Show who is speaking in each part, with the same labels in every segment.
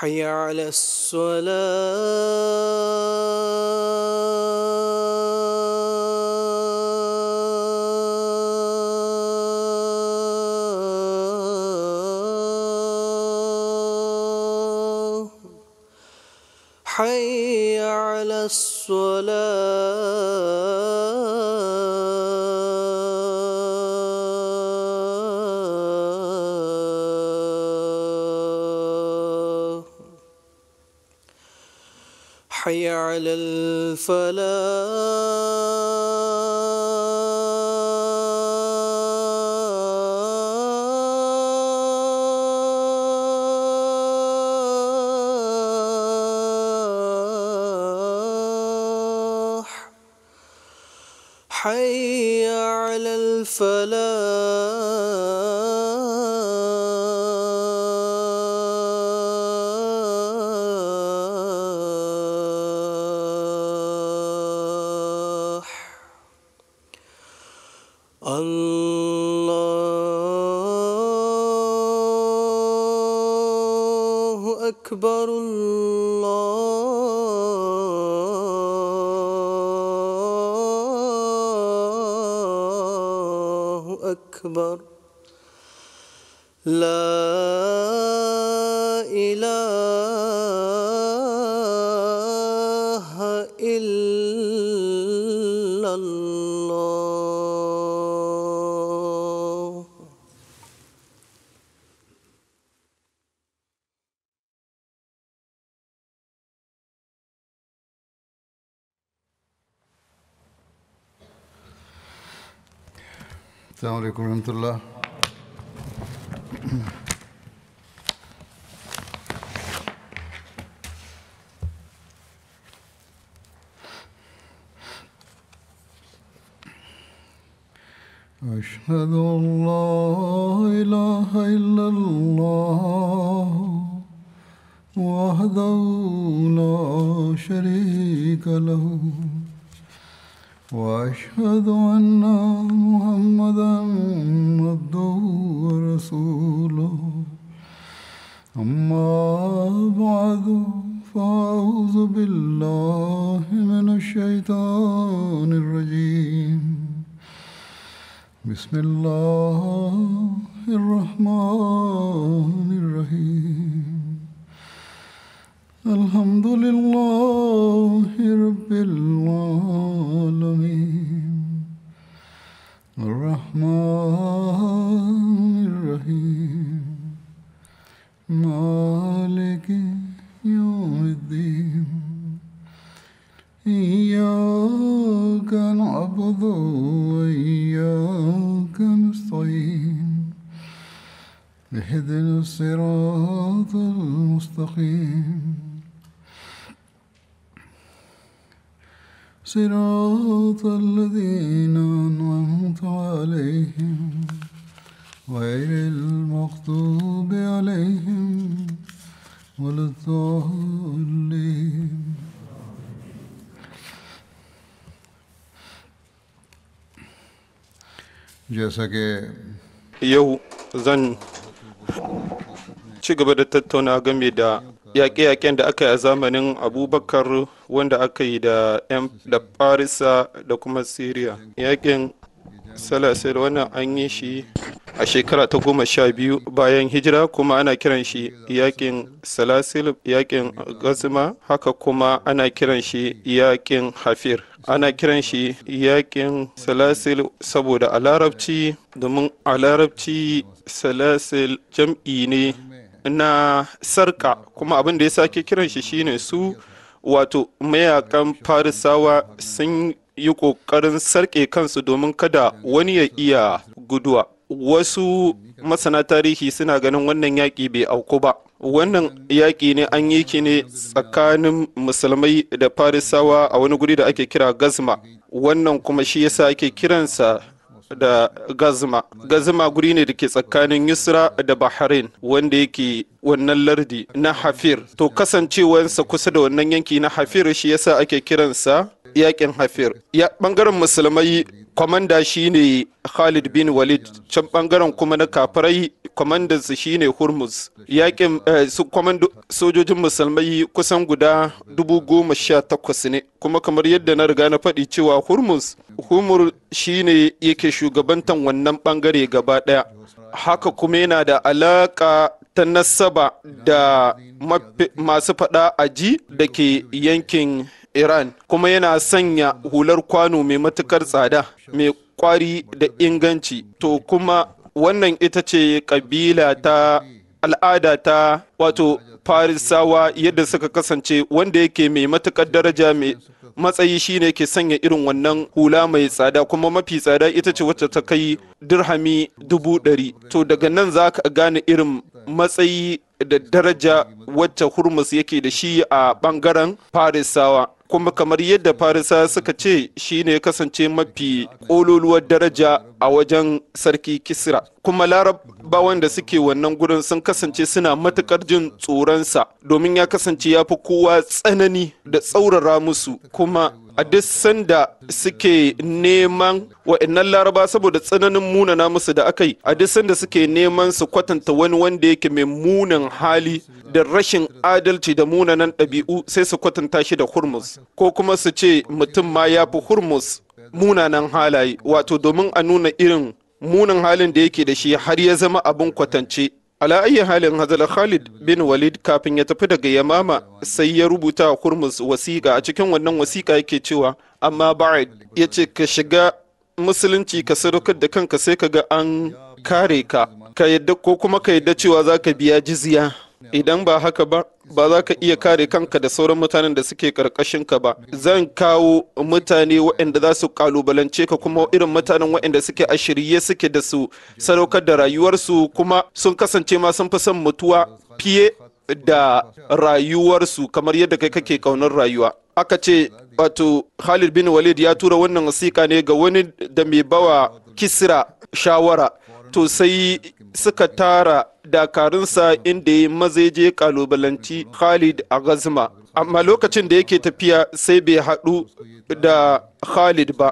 Speaker 1: حي على الصلاة حي على الصلاه حي على الفلاح
Speaker 2: السلام عليكم ورحمة الله أشهد الله صراط الذين أنعمت عليهم غير المغضوب عليهم ولا الضالين
Speaker 3: yau zan ci gaba da tattauna game da yaƙe-yaƙen da aka yi a zamanin abubakar wanda aka yi da da farisa da kuma syria yakin salasir wannan an yi shi a shekara ta goma sha biyu bayan hijira kuma ana kiran shi yakin salasil yakin gazima haka kuma ana kiran shi yakin hafir ana kiran shi yakin salasil saboda a larabci domin a larabci salasil jam'i ne na sarka kuma abin da ya sake kiran shi shine su wato mayakan farisawa sun yi ƙoƙarin sarƙe kansu domin kada wani ya iya guduwa wasu masana tarihi suna ganin wannan yaƙi bai auku ba wannan yaƙi ne an yi ki ne tsakanin musulmai da farisawa a wani guri da ake kira gazma wannan kuma shi yasa ake kiransa da Gazma. Gazma guri ne da ke tsakanin Yusra da Bahrain wanda yake wannan lardi na Hafir. To kasancewansa kusa da wannan yanki na Hafir shi yasa ake kiransa yakin hafir ya bangaren musulmai kwamanda shine khalid bin walid can bangaren kuma na kafirai kwamandan su shine hurmuz yakin eh, su sojojin musulmai kusan guda dubu goma sha takwas ne kuma kamar yadda na riga na faɗi cewa hurmuz humur shine yake shugabantan wannan bangare gaba ɗaya haka kuma yana da alaka ta nasaba da masu faɗa aji da ke yankin Iran kuma yana sanya hular kwano mai matukar tsada mai kwari da inganci to kuma wannan ita ce kabila ta al'ada ta wato farisawa yadda suka kasance wanda yake mai matukar daraja mai matsayi shine ke sanya irin wannan hula mai tsada kuma mafi tsada ita ce wacce ta kai dirhami dubu ɗari to daga nan za ka gane irin matsayi da daraja wacce hurmus yake da shi a bangaren farisawa kuma kamar yadda farisa suka ce shine kasance mafi ƙololuwar daraja a wajen sarki kisra kuma larabawan da suke wannan gudun sun kasance suna matukar jin tsoronsa domin ya kasance ya fi kowa tsanani da tsaurara musu kuma a duk sanda suke neman wa'annan laraba saboda tsananin munana musu da aka yi a duk sanda suke neman su kwatanta wani wanda yake mai munin hali da rashin adalci da munanan ɗabi'u sai su kwatanta shi da hurmus ko kuma su ce mutum ma ya fi hurmus munanan halaye wato domin a nuna irin munan halin da yake da shi har ya zama abin kwatance ala ayyi halin hazal khalid bin walid kafin ya tafi daga yamama sai ya rubuta kurmus wasiƙa a cikin wannan wasiƙa yake cewa amma ba'id ya ce ka shiga musulunci ka sadaukar da kanka sai ka ga an kare ka ka yadda ko kuma ka yadda cewa za ka biya jizya idan ba haka ba ba za ka iya kare kanka da sauran mutanen da suke ka ba zan kawo mutane waɗanda za su kalubalance ka kuma irin mutanen waɗanda suke a shirye suke da su sadaukar da rayuwarsu kuma sun kasance ma sun fi son mutuwa fiye da rayuwarsu kamar yadda kai kake kaunar rayuwa aka ce wato Khalid bin Walid ya tura wannan wasiƙa ne ga wani da mai bawa Kisra shawara to sai suka tara dakarunsa inda ya mazaje kalubalanci Khalid a Gazma. amma lokacin da yake tafiya sai bai haɗu da khalid ba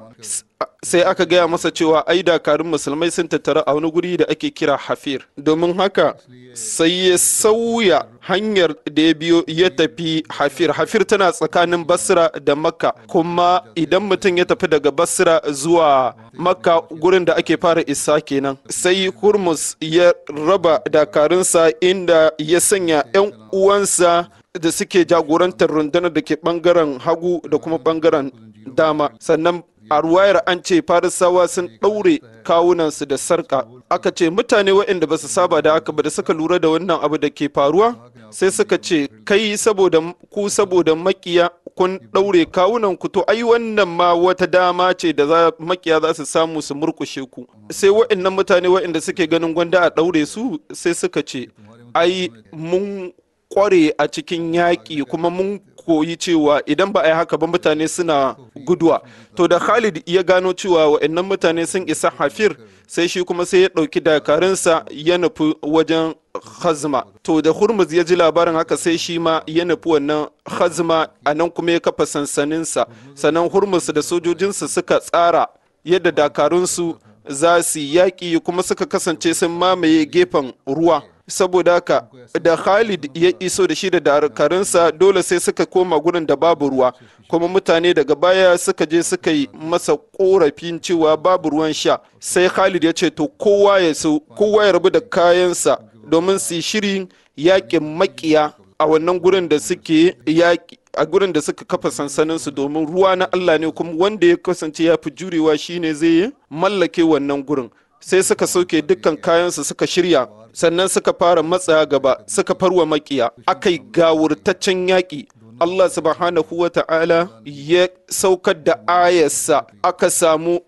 Speaker 3: sai aka gaya masa cewa ai dakarun musulmai sun tattara a wani guri da ake kira hafir domin haka sai ya sauya hanyar da ya biyo ya tafi hafir hafir tana tsakanin basra da makka kuma idan mutum ya tafi daga basra zuwa makka gurin da ake fara isa kenan sai hurmus ya raba dakarunsa inda ya sanya 'yan uwansa da suke jagorantar rundunar da ke bangaren hagu da kuma bangaren dama sannan a ruwayar an ce farisawa sun ɗaure kawunansu da sarka aka ce mutane waɗanda ba su saba da haka ba da suka lura da wannan abu da ke faruwa sai suka ce kai saboda ku saboda makiya kun ɗaure kawunan ku to ai wannan ma wata dama ce da za makiya za su samu su murkushe ku sai waɗannan mutane waɗanda suke ganin gwanda a ɗaure su sai suka ce ai mun kware a cikin yaƙi kuma mun koyi cewa idan ba a yi haka ba mutane suna guduwa to da khalid ya gano cewa wa'annan mutane sun isa hafir sai shi kuma sai ya ɗauki dakarunsa ya nufi wajen hazma to da hurmuz ya ji labarin haka sai shi ma ya nufi wannan hazma a nan kuma ya kafa sansaninsa sannan hurmuz da sojojinsa suka tsara yadda dakarunsu za su yaƙi kuma suka kasance sun mamaye gefen ruwa saboda haka da Khalid ya iso da shi da dakarunsa dole sai suka koma gurin da babu ruwa kuma mutane daga baya suka je suka yi masa korafin cewa babu ruwan sha sai Khalid ya ce to kowa ya so kowa ya rabu da kayansa domin su shirin yakin makiya a wannan gurin da suke yaki a gurin da suka kafa sansanin su domin ruwa na Allah ne kuma wanda ya kasance ya fi jurewa shine zai mallake wannan gurin sai suka sauke dukkan kayansu suka shirya sannan suka fara matsaya gaba suka farwa makiya yi gawurtaccen yaƙi Allah subhanahu wa ta'ala ya saukar da ayarsa aka samu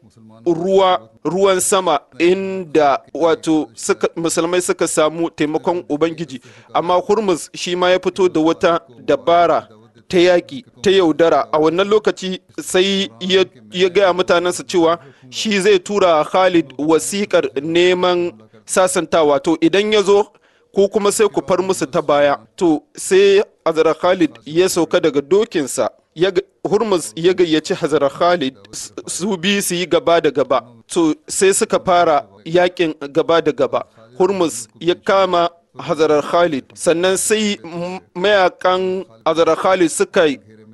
Speaker 3: ruwa ruwan sama inda wato musulmai suka samu taimakon ubangiji amma hurmus shi ma ya fito da wata dabara ta yaƙi ta yaudara a wannan lokaci sai ya gaya mutanensa cewa shi zai tura khalid wasikar neman sasantawa to idan ya zo ko kuma sai ku far musu ta baya to sai hazara khalid ya sauka daga dokinsa hurmus ya gayyaci hazara khalid su bi su yi gaba da gaba to sai suka fara yakin gaba da gaba hurmus ya kama hazara khalid sannan sai mayakan hazara khalid suka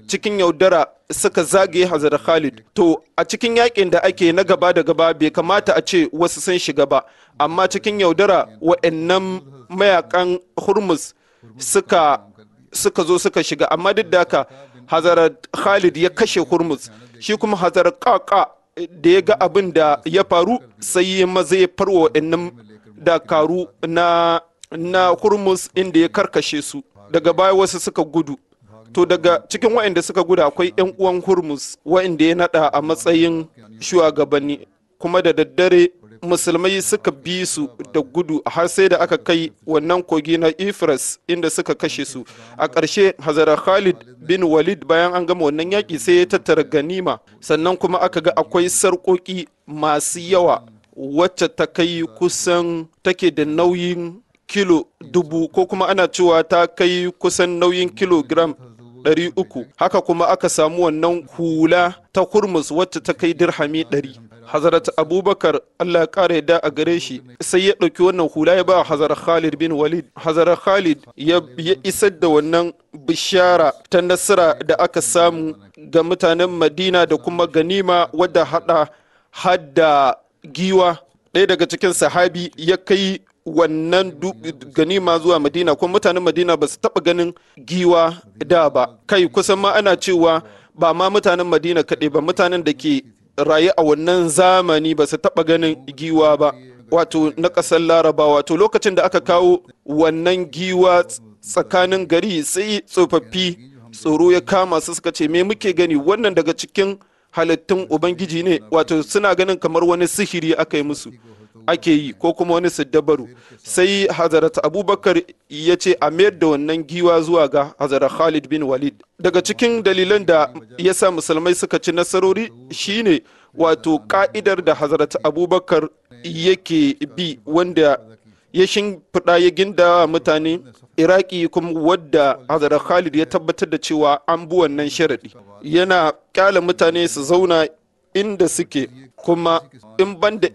Speaker 3: cikin yaudara suka zagaye hazara Khalid to a cikin yakin da ake na gaba da gaba bai kamata a ce wasu sun shiga ba amma cikin yaudara wa'annan mayakan hurmus suka suka zo suka shiga amma duk da haka hazara Khalid ya kashe hurmus shi kuma hazara Qaqa da ya ga abin da ya faru sai ya maza ya farwa wa'annan dakaru na na hurmus inda ya karkashe su daga baya wasu suka gudu to daga cikin waɗanda suka guda akwai 'yan uwan hurmus waɗanda ya nada a matsayin shugabanni kuma da daddare musulmai suka bi su da gudu har sai da aka kai wannan kogi na ifras inda suka kashe su a ƙarshe hazara khalid bin walid bayan an gama wannan yaƙi sai ya tattara ganima sannan kuma aka ga akwai sarƙoƙi masu yawa wacce ta kai kusan take da nauyin kilo dubu ko kuma ana cewa ta kai kusan nauyin kilogram ɗari uku haka kuma aka samu wannan hula ta kurmus wacce ta kai dirhami ɗari Hazrat Abubakar Allah kara da a gare shi sai ya ɗauki wannan hula ya ba Hazar Khalid bin Walid hazarar Khalid ya, ya isar da wannan bishara ta nasara da aka samu ga mutanen Madina da kuma ganima wadda hada hadda giwa ɗaya daga cikin sahabi ya kai wannan gani ma zuwa madina kuma mutanen madina ba su taɓa ganin giwa da ba kai kusan ma ana cewa ba ma mutanen madina kaɗai ba mutanen da ke raye a wannan zamani ba su taɓa ganin giwa ba wato na ƙasar laraba wato lokacin da aka kawo wannan giwa tsakanin gari sai tsofaffi tsoro ya kama su suka ce me muke gani wannan daga cikin halittun ubangiji ne wato suna ganin kamar wani sihiri aka yi musu ake yi ko kuma wani siddabaru sai hazarat abubakar ya ce a mayar da wannan giwa zuwa ga hazarat khalid bin walid daga cikin dalilan da ya sa musulmai suka ci nasarori shine wato ka'idar da hazarat abubakar yake bi wanda ya shimfiɗa ya ginda mutane iraki kuma wadda hazarar khalid ya tabbatar da cewa an bi wannan sharaɗi yana kyala mutane su zauna inda suke kuma in ban da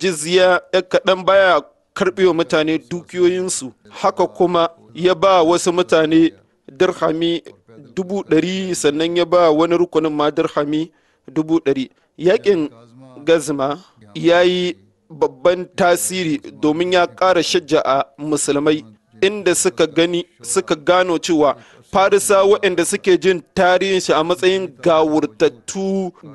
Speaker 3: jizya kaɗan baya karɓewa mutane dukiyoyinsu haka kuma ya ba wasu mutane dirhami dubu ɗari sannan ya ba wani rukunin ma dirhami dubu ɗari yaƙin gazma ya yi babban tasiri domin ya ƙara shajja a musulmai inda suka gano cewa farisa waɗanda suke jin tarihin shi a matsayin gawurtattu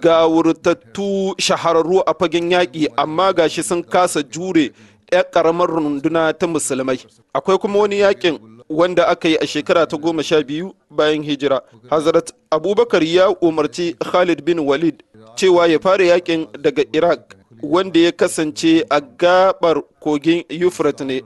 Speaker 3: gawurtattu shahararru a fagen yaƙi amma gashi sun kasa jure 'yan ƙaramar runduna ta musulmai akwai kuma wani yaƙin wanda aka yi a shekara ta goma sha biyu bayan hijira hazrat abubakar ya umarci khalid bin walid cewa ya fara yaƙin daga iraq wanda ya kasance a gabar kogin yufrat ne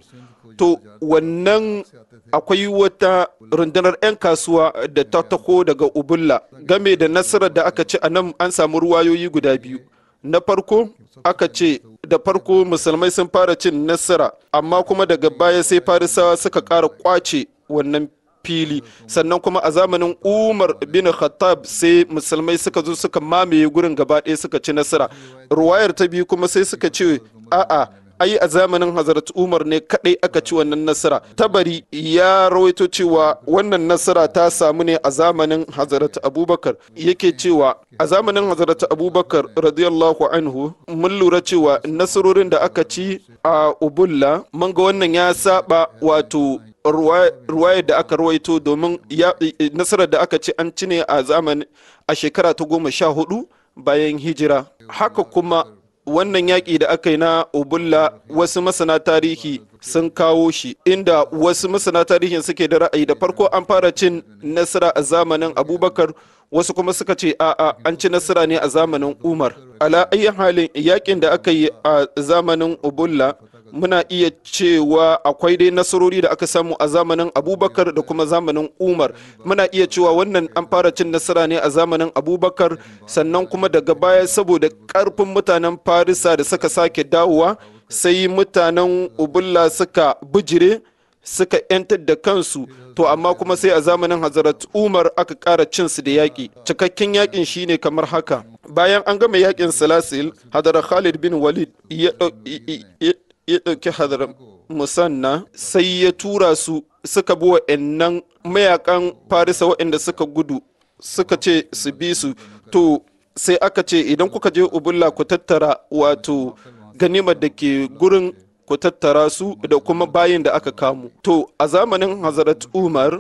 Speaker 3: to wannan akwai wata rundunar 'yan kasuwa da ta tako daga ubulla game da nasarar da aka ce a nan an samu ruwayoyi guda biyu na farko aka ce da farko musulmai sun fara cin nasara amma kuma daga baya sai farisawa suka ƙara kwace wannan fili sannan kuma a zamanin umar bin khattab sai musulmai suka zo suka mamaye gurin gaba suka ci nasara ruwayar ta biyu kuma sai suka ce a'a ai a zamanin Hazrat Umar ne kadai aka ci wannan nasara tabari ya rawaito cewa wannan nasara ta samu ne a zamanin Hazrat Abubakar yake cewa a zamanin Hazrat Abubakar radiyallahu anhu mun lura cewa nasarorin da aka ci a Ubulla mun ga wannan ya saba wato ruwaya da aka rawaito domin nasarar da aka ci an ci ne a zamanin a shekara ta goma sha hudu bayan hijira haka kuma wannan yaƙi da aka yi na ubulla wasu masana tarihi sun kawo shi inda wasu masana tarihin suke da ra'ayi da farko an fara cin nasara a zamanin abubakar wasu kuma suka ce a'a an ci nasara ne a zamanin umar ala halin yaƙin da aka yi a zamanin ubulla muna iya cewa akwai dai nasarori da aka samu a zamanin abubakar da kuma zamanin umar muna iya cewa wannan an fara cin nasara ne a zamanin abubakar sannan kuma daga baya saboda karfin mutanen farisa da suka sake dawowa sai mutanen ubulla suka bijire suka 'yantar da kansu to amma kuma sai a zamanin hazarat umar aka kara cinsu da yaƙi cikakken yaƙin shine kamar haka bayan an gama yaƙin salasil hadar khalid bin walid ya ɗauki hadarar musanna sai ya tura su suka bi wa'annan mayakan farisa wa'anda suka gudu suka ce su bi su to sai aka ce idan kuka je ubulla ku tattara wato ganimar da ke gurin ku tattara su da kuma bayin da aka kamu to a zamanin hazarat umar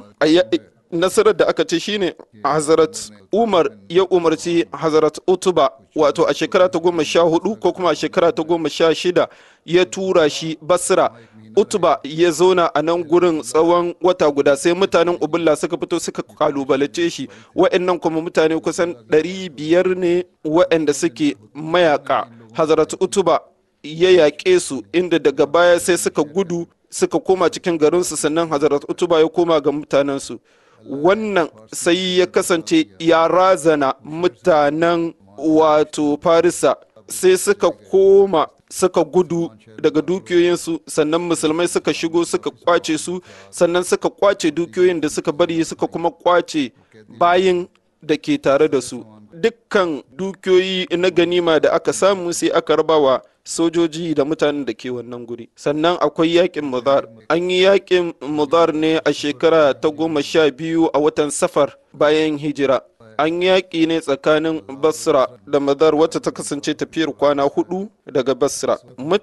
Speaker 3: nasarar da aka ce shine Hazrat Umar ya umarci Hazrat Utuba wato a shekara ta goma sha hudu ko kuma a shekara ta goma sha shida ya tura shi Basra Utuba ya zauna a nan gurin tsawon wata guda sai mutanen Ubulla suka fito suka kalubalace shi wa'annan kuma mutane kusan ɗari biyar ne wa'anda suke mayaka Hazrat Utuba ya yaƙe su inda daga baya sai suka gudu suka koma cikin garinsu sannan Hazrat Utuba ya koma ga mutanensu. wannan sai ya kasance ya razana mutanen wato farisa sai suka koma suka gudu daga dukiyoyinsu sannan musulmai suka shigo suka kwace su sannan suka kwace dukiyoyin da suka bari suka kuma kwace bayin da ke tare da su dukkan dukiyoyi na ganima da aka samu sai aka rabawa sojoji da mutanen da ke wannan guri sannan akwai yakin mazar an yi yakin mudar ne a shekara ta goma sha biyu a watan safar bayan hijira an yaƙi ne tsakanin basra da mazar wata ta kasance tafiyar kwana hudu daga basra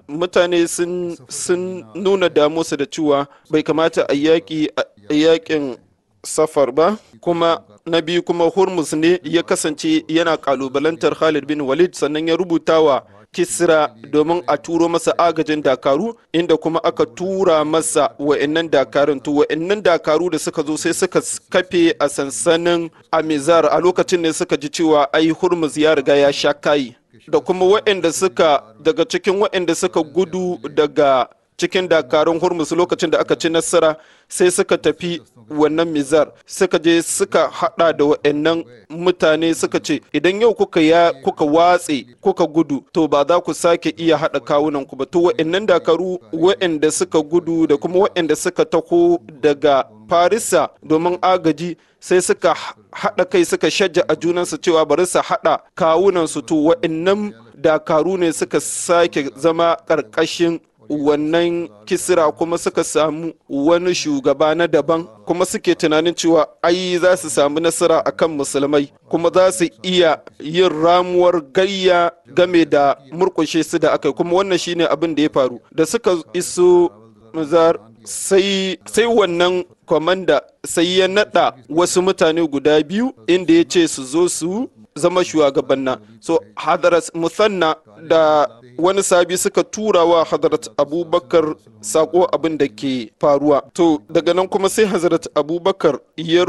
Speaker 3: mutane sun nuna damusa da cewa bai kamata a yaƙi a yaƙin safar ba kuma na biyu kuma hormuz ne ya kasance yana kalubalantar khalid bin walid sannan ya rubuta wa kisra domin a turo masa agajin dakaru inda kuma aka tura masa wa'annan dakarun to wa'annan dakaru da suka zo sai suka kafe a sansanin amizar a lokacin ne suka ji cewa ai hurmuz ya riga ya sha kai da kuma wa'anda suka daga cikin wa'anda suka gudu daga cikin dakarun hurmusu lokacin da aka ci nasara sai suka tafi wannan mizar suka je suka hada da wa'annan mutane suka ce idan yau kuka ya kuka watse kuka gudu to ba za ku sake iya hada kawunan ku ba to wa'annan dakaru wa'anda suka gudu da kuma wa'anda suka tako daga farisa domin agaji sai suka hada kai suka shajja a junansu cewa bari su haɗa su to wa'annan dakaru ne suka sake zama ƙarƙashin wannan kisira kuma suka samu wani shugaba na daban kuma suke tunanin cewa ai za su samu nasara akan musulmai kuma za su iya yin ramuwar gayya game da murkushe su da aka kuma wannan shine abin da ya faru da suka iso sai, sai wannan kwamanda sai ya nada wasu mutane guda biyu inda ya ce su zo su zama shugabanna so hadaras musanna da wani sabi suka tura wa Hazrat Abubakar sako abin da ke faruwa. To daga nan kuma sai Hazrat Abubakar ya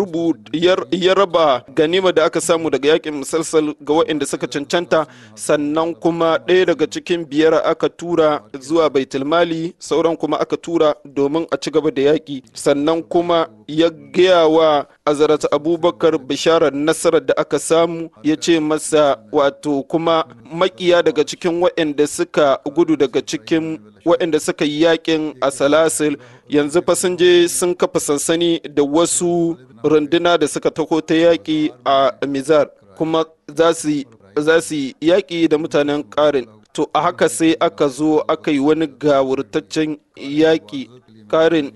Speaker 3: raba ganima da aka samu daga yakin musalsal ga waɗanda suka cancanta sannan kuma ɗaya daga cikin biyar aka tura zuwa baitulmali sauran kuma aka tura domin a ci gaba da yaƙi sannan kuma ya gaya wa azarat abubakar bisharar nasarar da aka samu ya ce masa wato kuma makiya daga cikin cikin waɗanda suka gudu daga cikin waɗanda suka yi yakin a salasil yanzu fasinje sun kafa sansani da wasu runduna da suka tako ta yaƙi a mizar kuma za su yaƙi da mutanen ƙarin to a haka sai aka zo aka yi wani gawurtaccen yaƙi ƙarin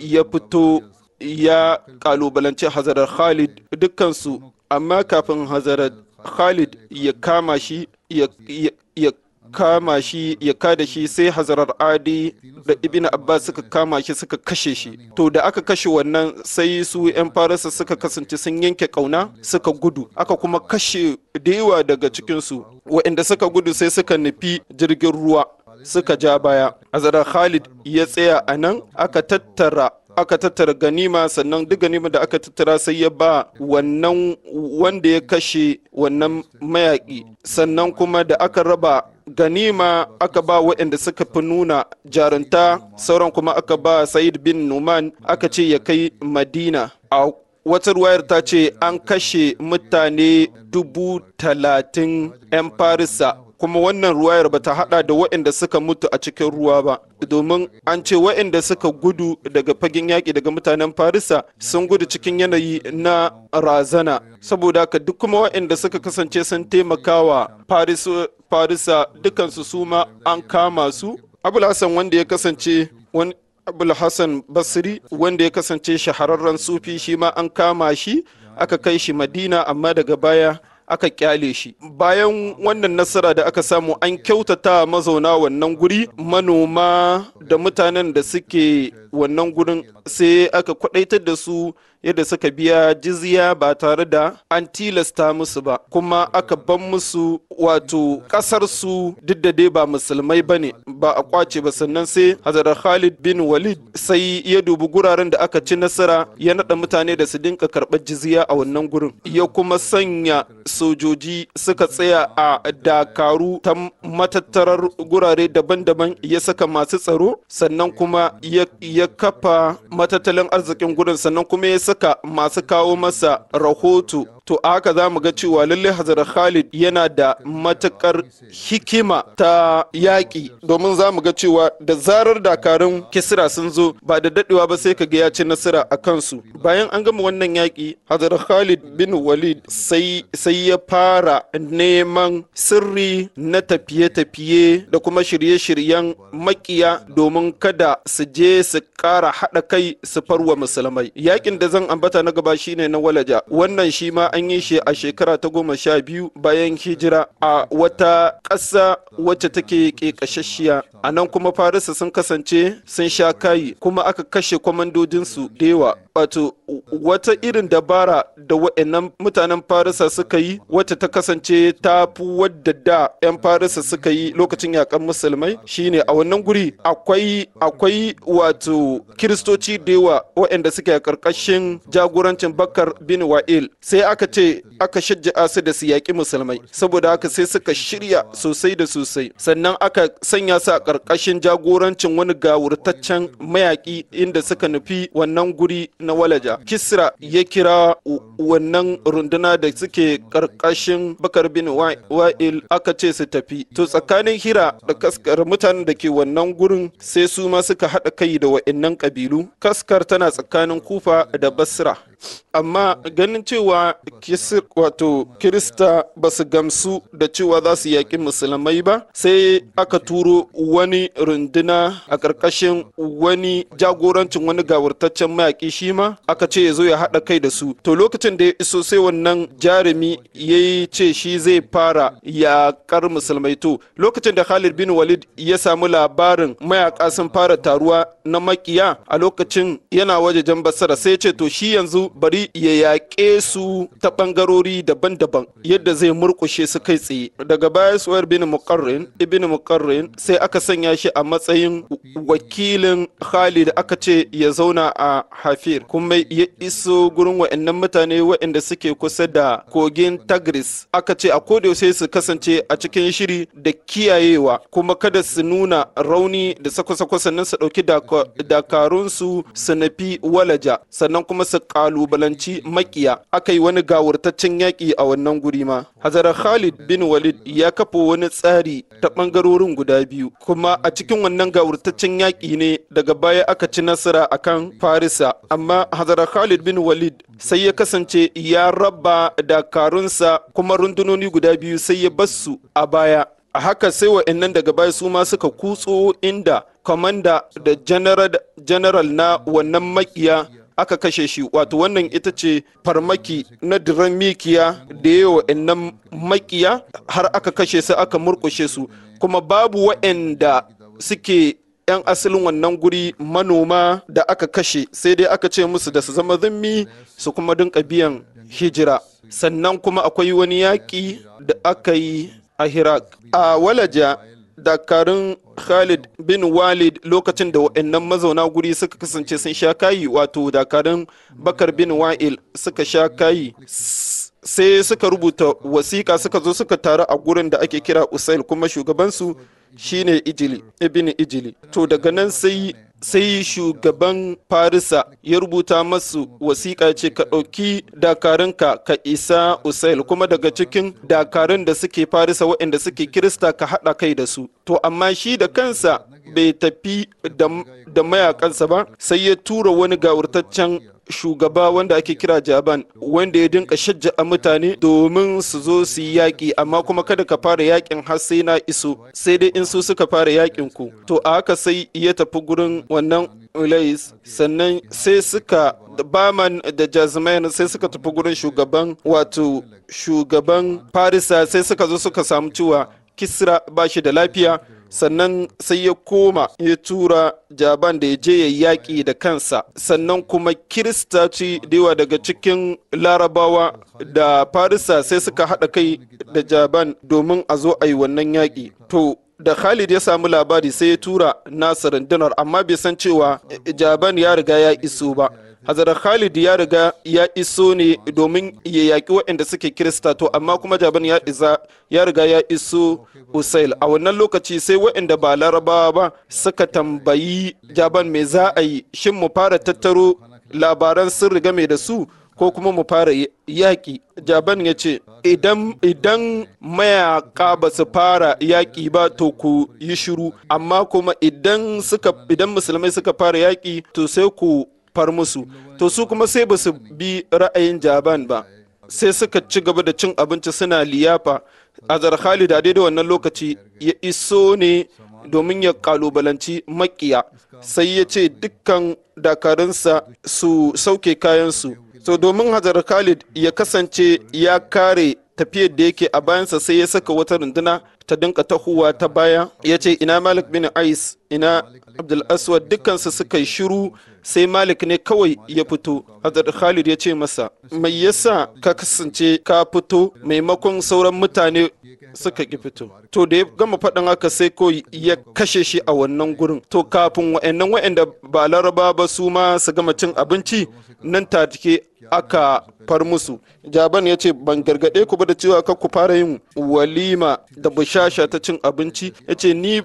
Speaker 3: ya fito ya kalubalance hazarar khalid dukkansu amma kafin hazarar khalid ya kama shi ya kama shi ya kada shi sai hazarar adi da ibn abbas suka kama shi suka kashe shi to da aka kashe wannan sai su 'yan farisa suka kasance sun yanke kauna suka gudu aka kuma kashe da yawa daga cikinsu waɗanda suka gudu sai suka nufi jirgin ruwa suka ja baya hazarar khalid ya tsaya a nan aka tattara aka tattara ganima sannan duk ganima da aka tattara sai ya ba wannan wanda ya kashe wannan mayaƙi sannan kuma da aka raba ganima aka ba waɗanda suka fi nuna jarunta sauran kuma aka ba sayid bin numan aka ce ya kai madina a wata ruwayar ta ce an kashe mutane dubu talatin 'yan farisa kuma wannan ruwayar ba ta hada da waɗanda suka mutu a cikin ruwa ba domin an ce waɗanda suka gudu daga fagen yaƙi daga mutanen farisa sun gudu cikin yanayi na razana saboda haka duk kuma waɗanda suka kasance sun taimakawa farisa dukansu su ma an kama su abulhassan wanda basri wanda ya kasance shahararren sufi shi ma an kama shi aka kai shi madina amma daga baya aka kyale shi bayan wannan nasara da aka samu an kyautata mazauna wannan guri manoma da mutanen da suke wannan gurin sai aka kwadaitar da su yadda suka biya jizya ba tare da an tilasta musu ba kuma aka ban musu wato kasar su duk da dai ba musulmai bane ba a kwace ba sannan sai hazarar Khalid bin Walid sai ya dubi guraren da aka ci nasara ya naɗa mutane da su dinka karɓar jizya a wannan gurin ya kuma sanya sojoji suka tsaya a dakaru ta matattarar gurare daban-daban ya saka masu tsaro sannan kuma ya kafa matattalin arzikin gurin sannan kuma ya suka masu kawo masa rahoto to haka za mu ga cewa lalle hazara khalid yana da matukar hikima ta yaƙi domin za mu ga cewa da zarar dakarun kisra sun zo ba da daɗewa ba sai ka ga ya ci nasara a kansu bayan an gama wannan yaƙi hazara khalid bin walid sai ya fara neman sirri na tafiye-tafiye da kuma shirye-shiryen makiya domin kada su je su kara haɗa kai su farwa musulmai Yaƙin da zan ambata na gaba shine na walaja wannan shi ma an yi shi a shekara ta goma sha biyu bayan hijira a wata ƙasa wacce take ƙeƙashashiya a nan kuma farisa sun kasance sun sha kayi kuma aka kashe kwamandodinsu da yawa wato wata irin dabara da wa'annan mutanen farisa suka yi wata ta kasance ta fi wadda da 'yan farisa suka yi lokacin yakan musulmai shine a wannan guri akwai akwai wato kiristoci da yawa wa'anda suke karkashin jagorancin bakar bin wa'il sai aka ce aka shajja su da su yaƙi musulmai saboda haka sai suka shirya sosai da sosai sannan aka sanya su a karkashin jagorancin wani gawurtaccen mayaƙi inda suka nufi wannan guri na walaja kisra ya kira wannan runduna da suke karkashin bakar bin wa'il aka ce su tafi to tsakanin hira da kaskar mutanen da ke wannan gurin sai su ma suka haɗa kai da wa'annan ƙabilu kaskar tana tsakanin kufa da basra amma ganin cewa wato kirista ba su gamsu da cewa za su yaƙi musulmai ba sai aka turo wani runduna a ƙarƙashin wani jagorancin wani gawurtaccen mayaƙi shi ma aka ce ya zo ya haɗa kai da su to lokacin da ya iso sai wannan jarumi ya yi ce shi zai fara yaƙar musulmai to lokacin da khalid bin walid ya samu labarin mayaƙa sun fara taruwa na makiya a lokacin yana waje jan basara sai ce to shi yanzu bari ya yaƙe su ta ɓangarori daban-daban yadda zai murƙushe su kai tsaye daga baya suwar bin muqarrin ibn muqarrin sai aka sanya shi a matsayin wakilin khalid aka ce ya zauna a hafir kuma ya iso gurin wa'annan mutane wa'anda suke kusa da kogin Tigris aka ce a sai su kasance a cikin shiri da kiyayewa kuma kada su nuna rauni da sako-sako sannan su ɗauki dakarunsu su nafi walaja sannan kuma su kalubalanci makiya aka yi wani gawurtaccen yaki a wannan guri ma hazara khalid bin walid ya kafa wani tsari ta bangarorin guda biyu kuma a cikin wannan gawurtaccen yaki ne daga baya aka ci nasara akan farisa amma ma hazara khalid bin walid sai ya kasance ya raba dakarunsa kuma rundunoni guda biyu sai ya basu a baya a haka sai wa nan daga baya su ma suka kutso inda kwamanda da janaral na wannan makiya aka kashe shi wato wannan ita ce farmaki na diran mikiya da yawa nan makiya har aka kashe su aka murkushe su kuma babu wa'anda suke 'yan asalin wannan guri manoma da aka kashe sai dai aka ce musu da su zama zummi su kuma dinka biyan hijira sannan kuma akwai wani yaƙi da aka yi a hirak a walaja dakarun khalid bin walid lokacin da waɗannan mazauna guri suka kasance sun sha kayi wato dakarun bakar bin wa'il suka sha kayi sai suka rubuta wasiƙa suka zo suka taru a gurin da ake kira usail kuma shugabansu shine ijili ibn ijili to daga nan sai shugaban farisa ya rubuta masu wasiƙa ce ka ɗauki dakarunka ka isa usail kuma daga cikin dakarun da suke farisa waɗanda suke kirista ka haɗa kai da su to amma shi da kansa bai tafi da mayakansa ba sai ya tura wani gawurtaccen shugaba wanda ake kira jaban wanda ya dinka shajja'a mutane domin su zo su yi yaƙi amma kuma kada ka fara yaƙin har sai na iso sai dai in su suka fara yaƙin ku to a haka sai ya tafi gurin wannan ulais sannan sai suka baman da jazmain sai suka tafi gurin shugaban wato shugaban farisa sai suka zo suka samu cewa kisra ba shi da lafiya sannan sai ya koma ya tura jaban da ya je ya yaƙi da kansa sannan kuma kiristaci dewa daga cikin larabawa da farisa sai suka haɗa kai da jaban domin a zo a yi wannan yaƙi to da khalid ya samu labari sai ya tura nasa rundunar amma bai san cewa jaban ya riga ya iso ba Hazara Khalid ya riga ya iso ne domin ya yaƙi waɗanda suke Kirista to amma kuma Jaban ya isa ya riga ya iso Usail a wannan lokaci sai waɗanda ba Larabawa ba suka tambayi Jaban me za a yi shin mu fara tattaro labaran sun riga mai da su ko kuma mu fara yaƙi jaban ya ce idan mayaƙa ba su fara yaƙi ba to ku yi shiru amma kuma idan musulmai suka fara yaƙi to sai ku far musu to su kuma sai ba su bi ra'ayin jaban ba sai suka ci gaba da cin abinci suna liyafa azar khalid a daidai wannan lokaci ya iso ne domin ya kalubalanci makiya sai ya ce dukkan dakarunsa su sauke kayansu so domin hazar khalid ya kasance ya kare tafiyar da yake a bayansa sai ya saka wata runduna ta dinka tahuwa ta baya ya ce ina malik bin ais ina abdul aswad dukkansu suka yi shiru sai malik ne kawai ya fito abdul khalid ya ce masa mai yasa ka kasance ka fito maimakon sauran mutane suka ki fito to da ya gama faɗin haka sai ko ya kashe shi a wannan gurin to kafin wa'annan wa'anda ba laraba ba su ma su gama cin abinci nan take aka far musu jaban ya ce ban gargaɗe ku ba da cewa ka ku fara yin walima da bushasha ta cin abinci ya ce ni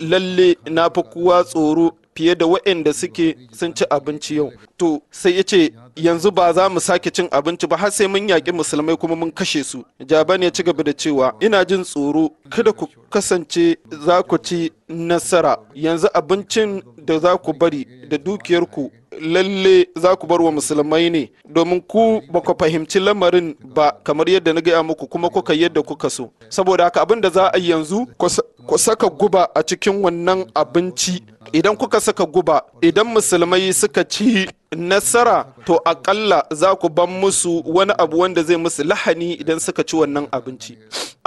Speaker 3: lalle na fi kuwa tsoro fiye da waɗanda suke sun ci abinci yau to sai ya ce yanzu ba za mu sake cin abinci ba har sai mun yaƙi musulmai kuma mun kashe su jaban ya ci gaba da cewa ina jin tsoro kada ku kasance za ku ci nasara yanzu abincin da za ku bari da dukiyarku lalle za ku bar wa musulmai ne domin ku ba ku fahimci lamarin ba kamar yadda na gaya muku kuma kuka yadda kuka so saboda haka abin da za a yanzu ku saka guba a cikin wannan abinci idan kuka saka guba idan musulmai suka ci nasara to akalla za ku ban musu wani abu wanda zai musu lahani idan suka ci wannan abinci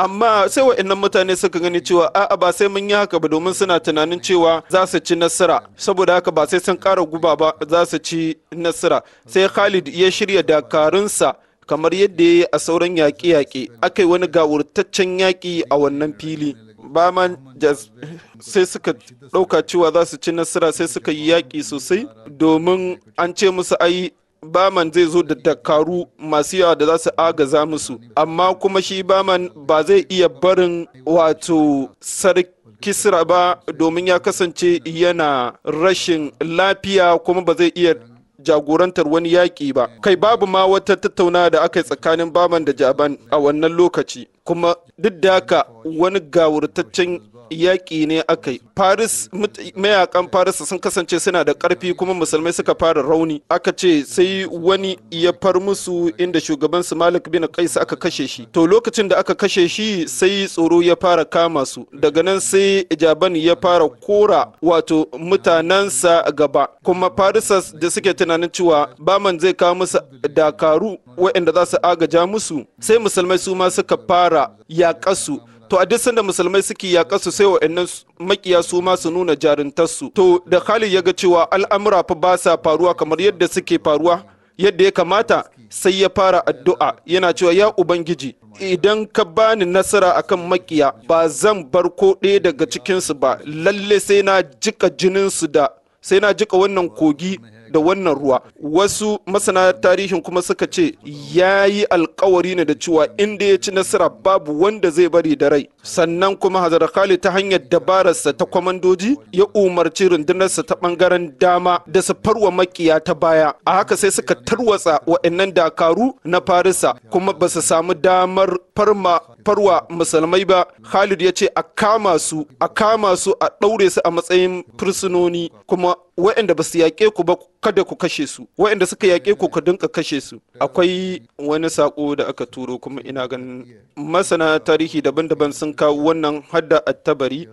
Speaker 3: amma sai wa'annan mutane suka gani cewa a'a ba sai mun yi haka ba domin suna tunanin cewa za su ci nasara saboda haka ba sai sun ƙara guba ba za su ci nasara sai khalid ya shirya dakarunsa kamar yadda ya yi a sauran yaƙe-yaƙe aka yi wani gawurtaccen yaƙi a wannan fili baman sai suka ɗauka cewa za su ci nasara sai suka yi yaƙi sosai domin an ce musu ai baman zai zo da dakaru masu yawa da za su agaza musu amma kuma shi baman ba zai iya barin wato sarki sira ba domin ya kasance yana rashin lafiya kuma ba zai iya jagorantar wani yaƙi ba kai babu ma wata tattauna da aka yi tsakanin baman da jaban a wannan lokaci kuma duk da haka wani gawurtaccen yaƙi ne aka yi Paris mayakan Paris sun kasance suna da ƙarfi kuma musulmai suka fara rauni aka ce sai wani ya far musu inda shugaban su malik bin qais aka kashe shi to lokacin da aka kashe shi sai tsoro ya fara kama su daga nan sai jaban ya fara kora wato mutanensa gaba kuma Paris da suke tunanin cewa baman zai kawo musu dakaru waɗanda za su agaja musu sai musulmai su ma suka fara yaƙasu to a duk sanda musulmai suke yaƙa su sai wa'annan makiya su ma su nuna jarintarsu to da Khalid ya ga cewa al'amura fa ba sa faruwa kamar yadda suke faruwa yadda ya kamata sai ya fara addu'a yana cewa ya ubangiji idan ka bani nasara akan makiya ba zan bar ko ɗaya daga cikinsu ba lalle sai na jika jininsu da sai na jika wannan kogi da wannan ruwa wasu masana tarihin kuma suka ce ya yi alkawari ne da cewa inda ya ci nasara babu wanda zai bari da rai sannan kuma hazara khalid ta hanyar dabararsa ta kwamandoji ya umarci rundunarsa ta bangaren dama da su farwa makiya ta baya a haka sai suka tarwatsa wa'annan dakaru na farisa kuma ba su samu damar farma farwa musulmai ba khalid ya ce a kama su a kama su a ɗaure su a matsayin fursunoni kuma waɗanda ba su yaƙe ku ba kada ku kashe su waɗanda suka yaƙe ku ka dinka kashe su akwai wani sako da aka turo kuma ina ganin masana tarihi daban-daban sun kawo wannan hadda attabari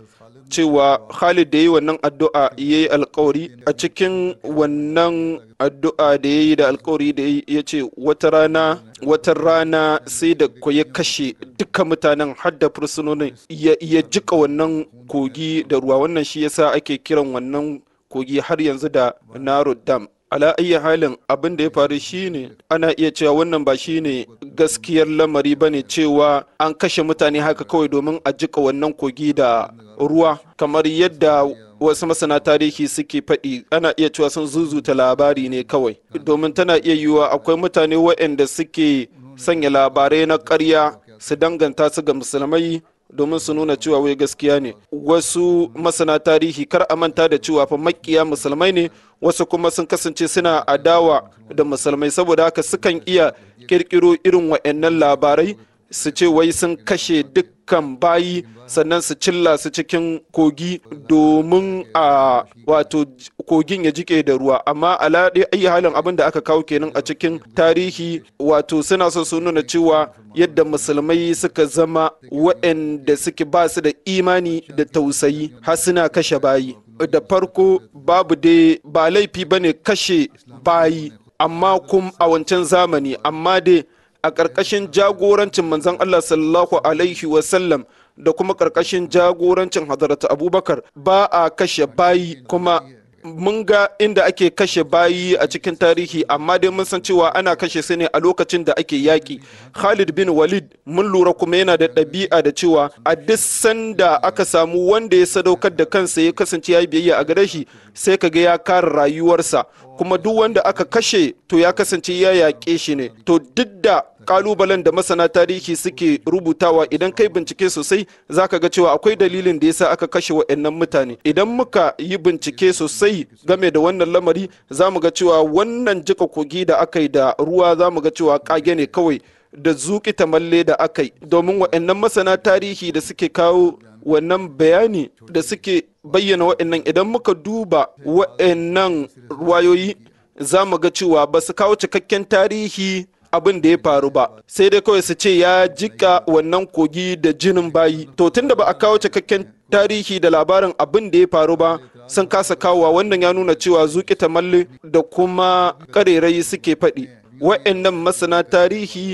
Speaker 3: cewa Khalid da yi wannan addu'a ya yi alkawari a cikin wannan addu'a da ya yi da alkawari da ya ce wata rana wata rana sai da ku ya kashe duka mutanen hadda fursunonin ya jika wannan kogi da ruwa wannan shi yasa ake kiran wannan kogi har yanzu da naro dam ala ayya halin abin da ya faru shine ana iya cewa wannan ba shine gaskiyar lamari bane cewa an kashe mutane haka kawai domin a jika wannan kogi da ruwa kamar yadda wasu masana tarihi suke faɗi ana iya cewa sun zuzuta labari ne kawai domin tana iya yiwuwa akwai mutane waɗanda suke sanya labarai na karya su danganta su ga musulmai domin su nuna cewa wai gaskiya ne wasu masana tarihi kar a manta da cewa fa makiya musulmai ne wasu kuma sun kasance suna adawa da musulmai saboda haka sukan iya kirkiro irin wa'annan labarai su ce wai sun kashe dukkan bayi sannan su cilla su cikin kogi domin a wato kogin ya jike da ruwa amma alaɗe ayi halin abin da aka kawo kenan a cikin tarihi wato suna so su nuna cewa yadda musulmai suka zama waɗanda suke ba su da imani da tausayi har suna kashe bayi da farko babu dai ba laifi bane kashe bayi amma kuma a wancan zamani amma dai a ƙarƙashin jagorancin manzon Allah sallallahu alaihi wasallam da kuma ƙarƙashin jagorancin Hazrat Abubakar ba a kashe bayi kuma mun ga inda ake kashe bayi a cikin tarihi amma dai mun san cewa ana kashe su ne a lokacin da ake yaƙi khalid bin walid mun lura kuma yana da ɗabi'a da cewa a duk sanda aka samu wanda ya sadaukar da kansa ya kasance ya yi biyayya a gare shi sai kaga ya kare rayuwarsa kuma duk wanda aka kashe to ya kasance ya yaƙe shi ne to duk da kalubalen da masana tarihi suke rubutawa idan kai bincike sosai zaka ga cewa akwai dalilin da yasa aka kashe wa'annan mutane idan muka yi bincike sosai game da wannan lamari za mu ga cewa wannan jika kogi da aka yi da ruwa za mu ga cewa kage ne kawai da ta tamalle da aka yi domin wa'annan masana tarihi da suke kawo wannan bayani da suke bayyana wa'annan idan muka duba wa'annan ruwayoyi za mu ga cewa ba su kawo cikakken tarihi abin da ya faru ba sai dai kawai su ce ya jika wannan kogi da jinin bayi to tunda ba a kawo cikakken tarihi da labarin abin da ya faru ba sun kasa kawowa wannan ya nuna cewa ta tamalli da kuma karerai suke faɗi wa'annan masana tarihi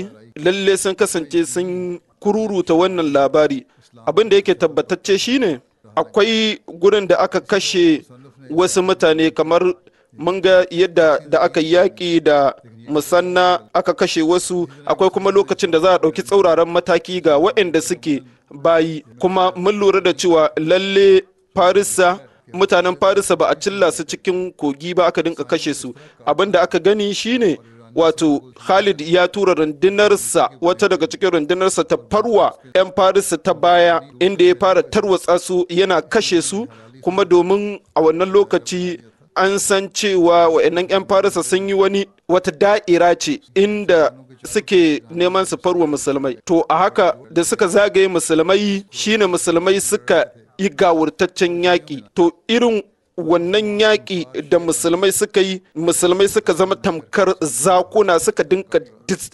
Speaker 3: lalle sun kasance sun kururuta wannan labari abin da yake tabbatacce shine akwai gurin da aka kashe wasu mutane kamar mun ga yadda da aka yaƙi da musanna aka kashe wasu akwai kuma lokacin da za a ɗauki tsauraran mataki ga waɗanda suke bayi kuma mun lura da cewa lalle farisa mutanen farisa ba a cilla su cikin kogi ba aka dinka kashe su abinda aka gani shine wato khalid ya tura rundunarsa wata daga cikin rundunarsa ta farwa 'yan farisa ta baya inda ya fara tarwatsa su yana kashe su kuma domin a wannan lokaci an san cewa wa'annan 'yan farisa sun yi wani wata da'ira ce inda suke neman su farwa musulmai to a haka da suka zagaye musulmai shine musulmai suka yi gawurtaccen yaƙi to irin wannan yaƙi da musulmai suka yi musulmai suka zama tamkar zakuna suka dinka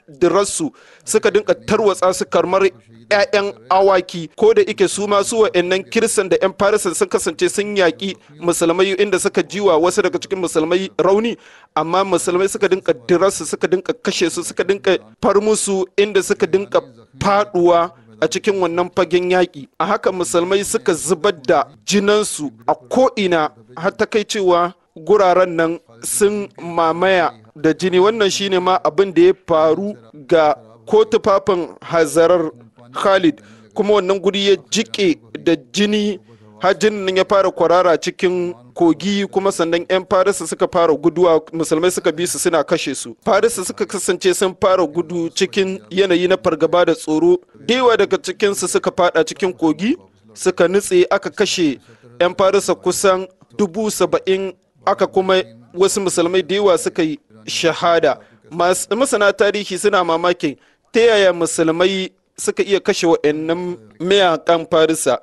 Speaker 3: dirarsu suka dinka tarwatsa su karmar 'ya'yan awaki ko da ike su masu wa'annan kirsan da 'yan farisan sun kasance sun yaƙi musulmai inda suka jiwa wasu daga cikin musulmai rauni amma musulmai suka dinka dirarsu suka dinka kashe su suka dinka far musu inda suka dinka faduwa a cikin wannan fagen yaƙi a haka musulmai suka zubar da jinansu a ko'ina har ta kai cewa guraren nan sun mamaya da jini wannan shine ma abin da ya faru ga ko tufafin hazarar khalid kuma wannan guri ya jiƙe da jini hajjin ya fara kwarara cikin kogi kuma sannan 'yan farisa suka fara guduwa musulmai suka bi su suna kashe su farisa suka kasance sun fara gudu cikin yanayi na fargaba da tsoro daiwa daga su suka fada cikin kogi suka nutse aka kashe 'yan farisa kusan dubu saba'in aka kuma wasu musulmai daiwa suka yi shahada masana tarihi suna mamakin ta yaya musulmai suka iya kashe wa'annan mayakan farisa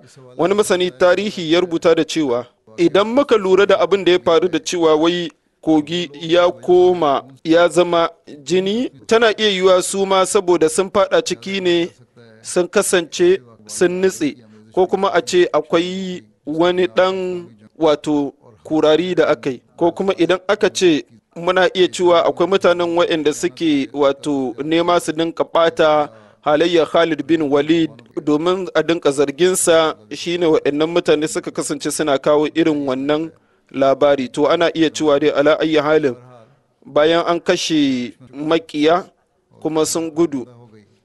Speaker 3: wani masani tarihi ya rubuta da cewa idan muka lura da abin da ya faru da cewa wai kogi ya koma ya zama jini tana iya yiwuwa su ma saboda sun fada ciki ne sun kasance sun nutse ko kuma a ce akwai wani dan wato kurari da aka yi ko kuma idan aka ce muna iya cewa akwai mutanen waɗanda suke wato nema su dinka bata halayyar Khalid bin Walid domin a dinka zarginsa shine waɗannan mutane suka kasance suna kawo irin wannan labari to ana iya cewa dai ala ayi halin bayan an kashe makiya kuma sun gudu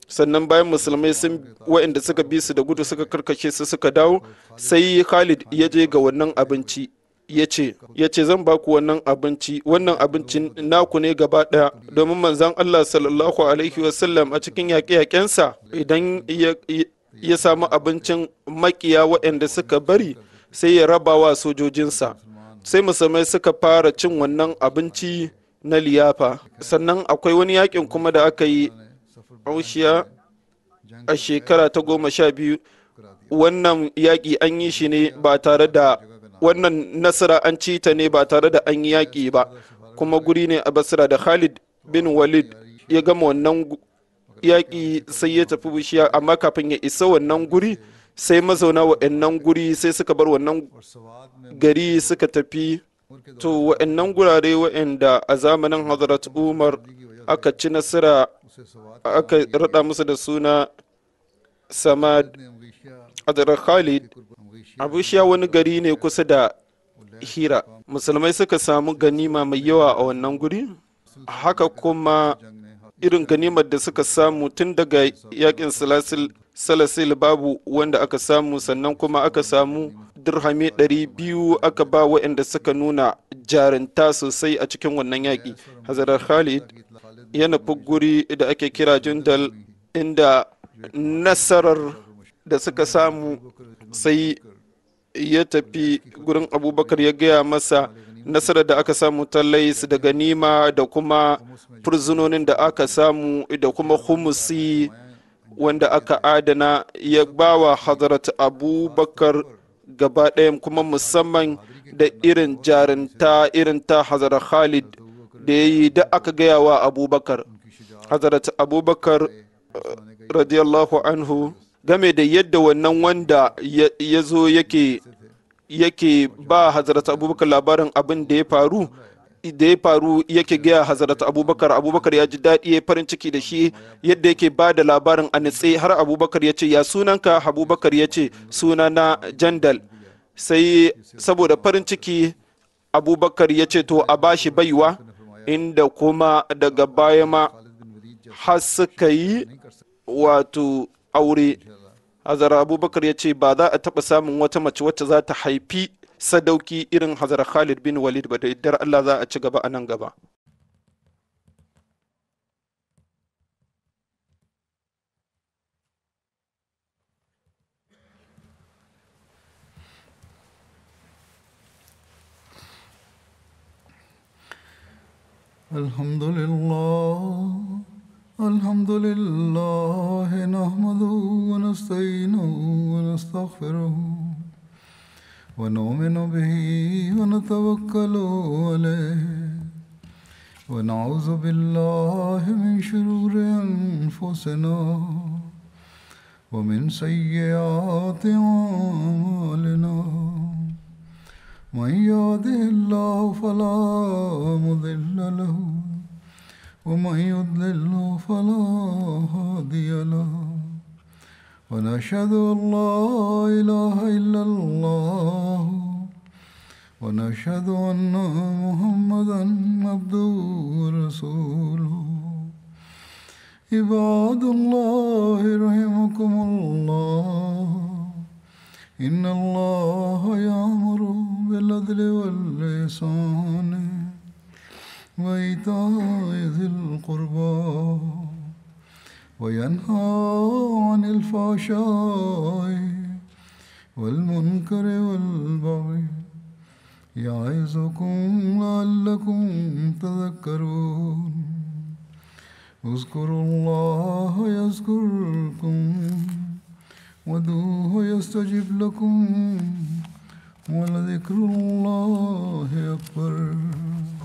Speaker 3: sannan bayan musulmai sun waɗanda suka bi su da gudu suka karkashe su suka dawo sai khalid ya je ga wannan abinci ya ce zan ba ku wannan abinci wannan abincin naku ne gaba daya domin manzan Allah sallallahu alaihi wasallam a cikin yaƙe-yaƙensa idan ya samu abincin makiya waɗanda suka bari sai ya raba wa sojojinsa sai musamman suka fara cin wannan abinci na liyafa sannan akwai wani yakin kuma da aka yi aushiya a shekara ta goma sha biyu wannan yaƙi an yi shi ne ba tare da wannan nasara an ci ta ne ba tare da an yi yaƙi ba kuma guri ne a basira da khalid bin walid ya gama wannan yaƙi sai ya tafi bishiya amma kafin ya isa wannan guri sai mazauna wa'annan guri sai suka bar wannan gari suka tafi to wa'annan gurare wa'anda a zamanin hazrat umar aka ci nasara aka rada musu da suna samad adar khalid abushiya wani gari ne kusa da hira musulmai suka samu ganima mai yawa a wannan guri haka kuma irin ganimar da suka samu tun daga yakin salasil babu wanda aka samu sannan kuma aka samu dirhami 200 aka ba waɗanda suka nuna jarinta sosai a cikin wannan yaƙi hazarar khalid yana guri da ake kira jundal inda nasarar da suka samu sai ya tafi gurin abubakar ya gaya masa nasarar da aka samu ta lais daga nima da kuma furzunonin da aka samu da kuma humusi wanda aka adana ya bawa hadarat abubakar gaba ɗayan kuma musamman da irin jarinta irin ta hazara khalid da ya yi da aka gaya wa abubakar hazarat abubakar eh, radiyallahu anhu game da yadda wannan wanda ya zo yake yake ba hazarta abubakar labarin abin da ya faru da ya faru yake gaya hazarta abubakar abubakar ya ji daɗi ya farin ciki da shi yadda yake ba da labarin a nitse har abubakar ya ce ya sunanka abubakar ya ce suna na jandal sai saboda farin ciki abubakar ya ce to a ba shi baiwa inda kuma daga baya ma har suka yi wato aure hazara abubakar ya ce ba za a taɓa samun wata mace wacce za ta haifi sadauki irin hazara khalid bin walid ba da iddar allah za a ci gaba a nan gaba
Speaker 2: الحمد لله الحمد لله نحمده ونستعينه ونستغفره ونؤمن به ونتوكل عليه ونعوذ بالله من شرور أنفسنا ومن سيئات أعمالنا من يهده الله فلا مضل له ومن يضلل فلا هادي له ونشهد أن لا إله إلا الله ونشهد أن محمدا عبده ورسوله عباد الله رحمكم الله إن الله يأمر بالعدل والإحسان وإيتاء ذي القربى وينهى عن الفحشاء والمنكر والبغي يعظكم لعلكم تذكرون اذكروا الله يذكركم ودوه يستجب لكم ولذكر الله
Speaker 1: أكبر